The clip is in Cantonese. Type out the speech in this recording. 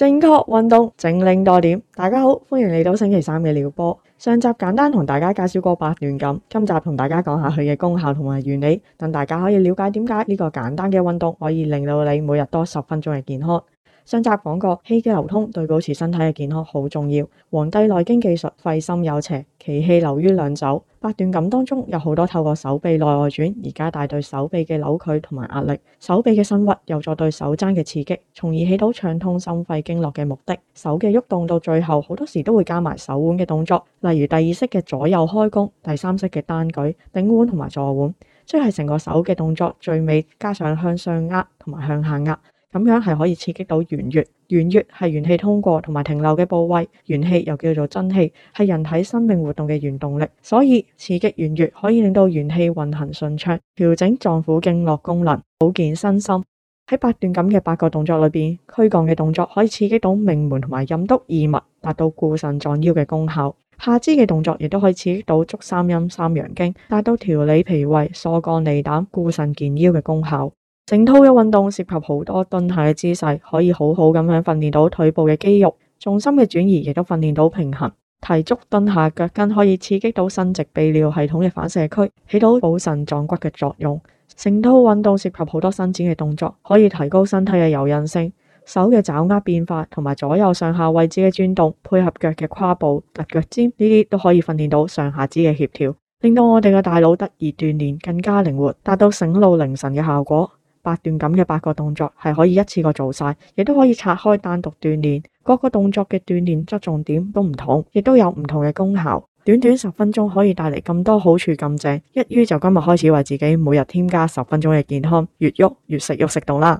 正確運動整拎多點，大家好，歡迎嚟到星期三嘅療播。上集簡單同大家介紹過八段錦，今集同大家講下佢嘅功效同埋原理，等大家可以了解點解呢個簡單嘅運動可以令到你每日多十分鐘嘅健康。上集講過氣嘅流通對保持身體嘅健康好重要，內《黃帝內經》技術肺心有邪，其氣留於兩肘。八段錦當中有好多透過手臂內外轉而加大對手臂嘅扭曲同埋壓力，手臂嘅伸屈有助對手踭嘅刺激，從而起到暢通心肺經絡嘅目的。手嘅喐動到最後，好多時都會加埋手腕嘅動作，例如第二式嘅左右開弓、第三式嘅單舉、頂腕同埋坐腕，即係成個手嘅動作最尾加上向上壓同埋向下壓。咁樣係可以刺激到元穴，元穴係元氣通過同埋停留嘅部位，元氣又叫做真氣，係人體生命活動嘅原動力。所以刺激元穴可以令到元氣運行順暢，調整臟腑經絡功能，保健身心。喺八段錦嘅八個動作裏邊，軀幹嘅動作可以刺激到命門同埋任督二脈，達到固腎壯腰嘅功效；下肢嘅動作亦都可以刺激到足三陰三陽經，達到調理脾胃、疏肝利膽、固腎健腰嘅功效。整套嘅運動涉及好多蹲下嘅姿勢，可以好好咁樣訓練到腿部嘅肌肉，重心嘅轉移亦都訓練到平衡。提足蹲下腳，腳跟可以刺激到生殖泌尿系統嘅反射區，起到補腎壯骨嘅作用。整套運動涉及好多伸展嘅動作，可以提高身體嘅柔韌性。手嘅爪握變化同埋左右上下位置嘅轉動，配合腳嘅胯部、踏腳尖呢啲都可以訓練到上下肢嘅協調，令到我哋嘅大腦得以鍛煉，更加靈活，達到醒腦寧神嘅效果。八段錦嘅八個動作係可以一次過做晒，亦都可以拆開單獨鍛煉。各個動作嘅鍛煉側重點都唔同，亦都有唔同嘅功效。短短十分鐘可以帶嚟咁多好處咁正，一於就今日開始為自己每日添加十分鐘嘅健康，越喐越食喐食動啦。